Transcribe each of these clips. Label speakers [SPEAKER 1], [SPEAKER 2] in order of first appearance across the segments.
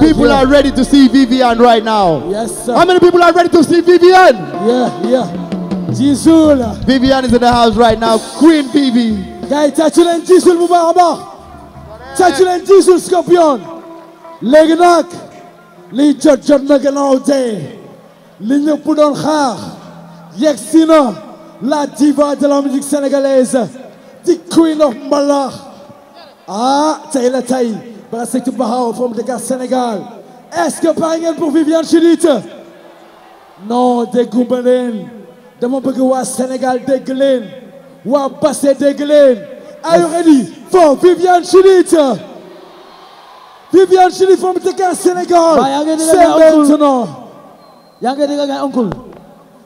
[SPEAKER 1] People yeah. are
[SPEAKER 2] ready to see Vivian right now. Yes, sir. How many people are ready to see Vivian?
[SPEAKER 1] Yeah, yeah. Jesus. Vivian is in the house right now. Queen Vivi. Guys, and Jesus, Mubaraba. Touching Jesus, Scorpion. Legnak. Lichot Jotnak and all day. Ligne Poudon Khar. Yexina. La diva de la musique sénégalaise. The queen of Malach. Ah, Taylor Taylor. bala Seydou femme de gars Sénégal est-ce que pare pour Viviane Chidid non dégguma leen dama bëgg waa Sénégal dégg leen waa Basse dégg leen are you ready for Viviane Vivian Viviane Chidid de Dakar Sénégal c'est maintenant de ngi oncle. nga uncle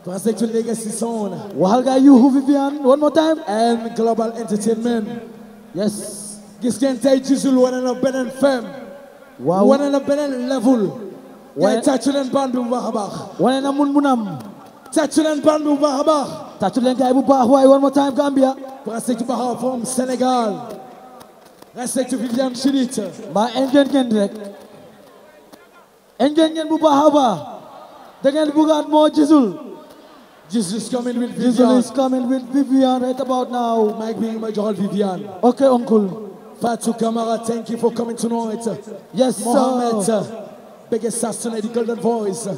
[SPEAKER 1] Transsexual Legacy Zone. Wahal you, Vivian, one more time. And Global Entertainment. Yes. gis ngeen tey Jizzle wane na beneen fem. waaw wane na beneen level. waaye tàccu leen band bi bu baax a baax. wane na mun munam. tàccu leen band bi bu baax a baax. tàccu leen gaay bu baax waaye one more time Gambia. Brassetu Baha from Sénégal. Brassetu Viviane Chidid. mbaa engin ngeen rek. engin ngeen bu baax a baax. da ngeen bugaat moo Jizzle. Jizzle is coming with Viviane. Jizzle is coming with Viviane right about now. Mike bi ma joxal Viviane. ok uncle. Fatu Kamara, thank you for coming tonight. Yes, Mohammed, sir. Big Assassin, the Golden Voice.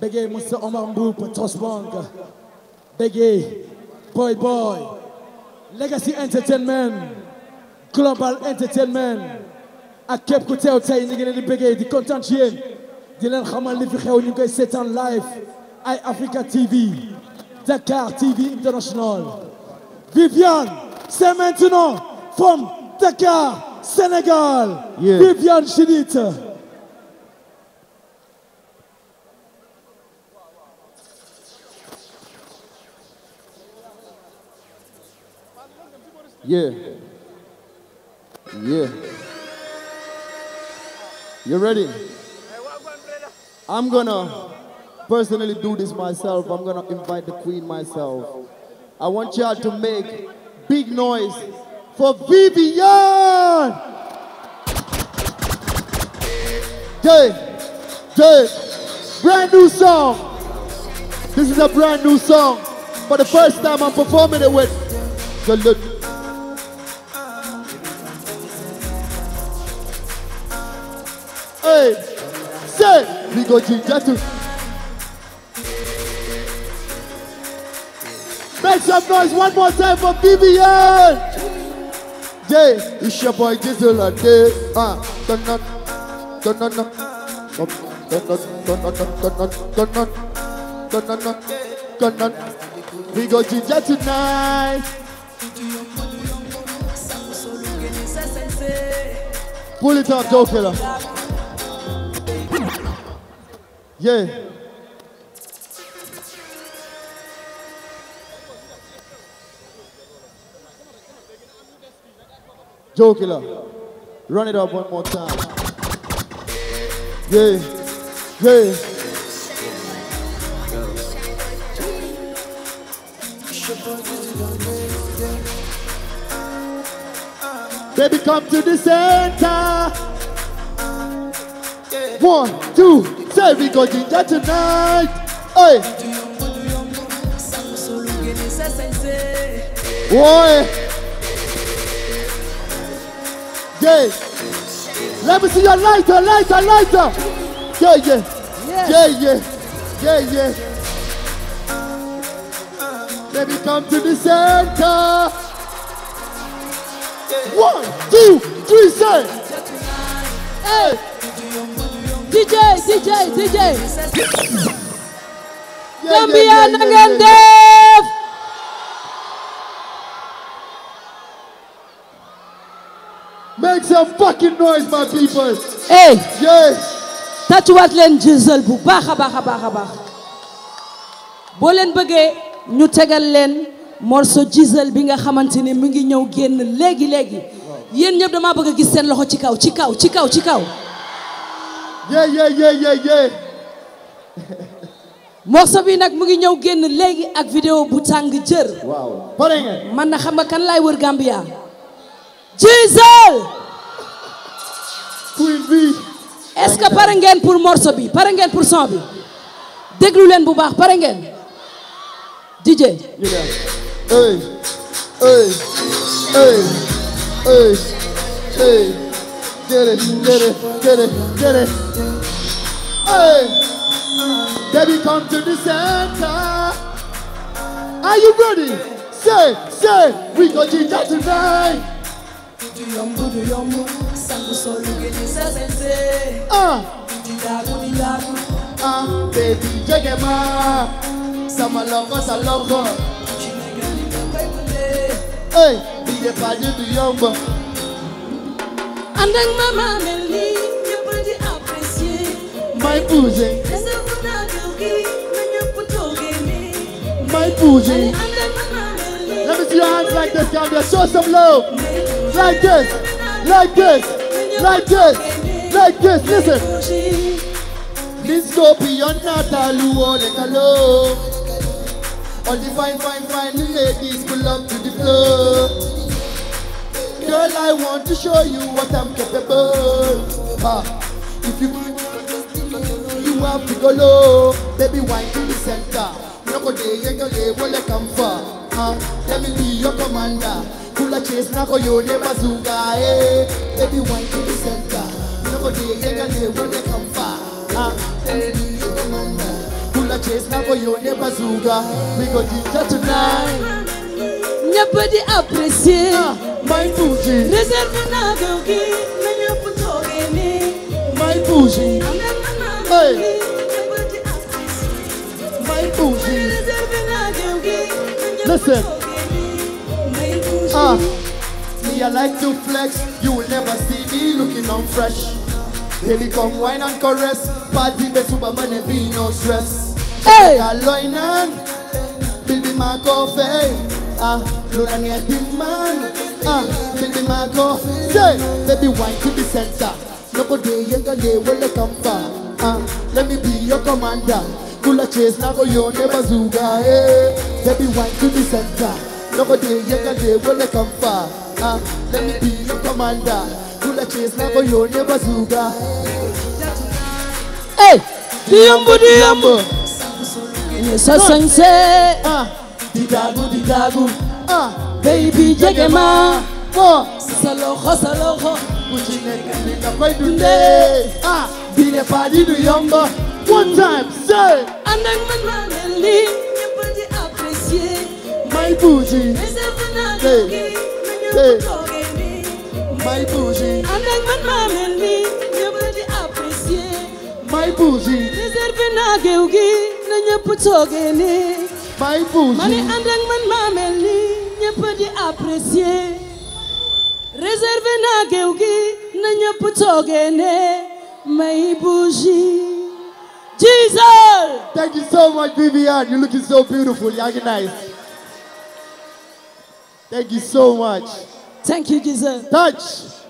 [SPEAKER 1] Big A, Mr. Omar Mboup, Tosh Bang. Big Boy Boy. Legacy Entertainment. Global Entertainment. I kept ku teew tey ñu ngi leen di bëggee di kontaan ci yéen di leen xamal li fi xew ñu ngi koy seetaan live I Africa TV Dakar TV International Vivian, c'est maintenant from Dakar, Sénégal, yeah. Viviane
[SPEAKER 2] Yeah. Yeah. You ready? I'm gonna personally do this myself. I'm gonna invite the queen myself. I want y'all to make big noise for Vivian. Jay, Jay, brand new song. This is a brand new song. For the first time I'm performing it with the look. Hey, say, we go ginger too. Make some noise one more time for Vivian. Yeah, it's your boy Diesel and Day. Ah, turn on, turn on, turn on, turn on, turn on, turn on, turn on, turn on, turn on. We go ginger tonight. Pull it up, Joe Killer. Yeah. Joe Killer. Run it up one more time. Yeah, yeah. Baby, come to the center. One, two, say we go ginger tonight. Hey. Boy. Yeah. Let me see your lighter, lighter, lighter. Yeah, yeah. Yeah, yeah. Yeah, yeah. Let me come to the center. One, two, three, say. Hey.
[SPEAKER 1] DJ, DJ,
[SPEAKER 2] DJ. Yeah, Gambia yeah, yeah, yeah, yeah. some fucking noise my people. hey. leen jëzal bu baax a baax a baax a baax boo leen bëggee ñu tegal leen morceau jëzal bi nga xamante ni mu ngi ñëw génn léegi léegi yéen ñëpp damaa bëgg a gis seen loxo ci kaw ci kaw ci kaw ci kaw. yeah yeah bi nag mu ngi ñëw génn léegi ak vidéo bu tàng jër. waaw man na xam nga kan lay wër Gambia. Jizel. queen bi est-ce pare ngeen pour morceau bi pare ngeen pour son bi déglu leen bu baax pare ngeen DJ hey hey hey hey hey get it get it get it get it hey baby come to the center are you ready say say we go ginger tonight baby, check him out. Some I love her. Hey, be the party to young boy. my mama Let me see your hands like this, Gambia. Show some love. Like this like this, like this, like this. Listen. Dopey Natal, all the hello. All the fine, fine, fine ladies pull up to the floor. Girl, I want to show you what I'm capable. Ah, if you want you have to go low, baby, wine to the center. No go day, go day, where they come for? Ah, let me be your commander. Pull a chase, now go you name eh. Baby, wine to the center. No ah, é go day, yeah, yeah, yeah, when they come far. Ah, baby, you remember. Pull a chase, na go you name bazooka. We go DJ tonight. Nobody appreciate ah, my bougie. Reserve na go ki, na yo puto me. My bougie. Hey. My bougie. Listen. me I like to flex. You will never see me looking on fresh. Baby, come wine and caress. Party be superman and be no stress. Hey, Loinan, baby, my coffee. Ah, Luna near the man. Ah, baby, my coffee. Say, baby, wine to the center. Nobody, you got day will come far. Ah, let me be your commander. Cooler chase, now go your neighbor Zuga. Hey, baby, wine to the center. No te day, Ah, let me be your commander. Kula chase, na Hey, Ah, di dago. Ah, baby, jagema. Mo, saloko, saloko. Uchineka, neka, kwa dunde. Ah, bile du yombo. One time, say. My bougie. Hey. Hey. My bougie. And then my mom and me, My bougie. reserve na geugi, na nyaputoge ni. My bougie. Money and man mameli, mom and me, Reserve na geugi, na nyaputoge ni. My bougie. Jesus! Thank you so much, Vivian. You're looking so beautiful. You're nice. Thank you so much. Thank you, Jesus. Touch.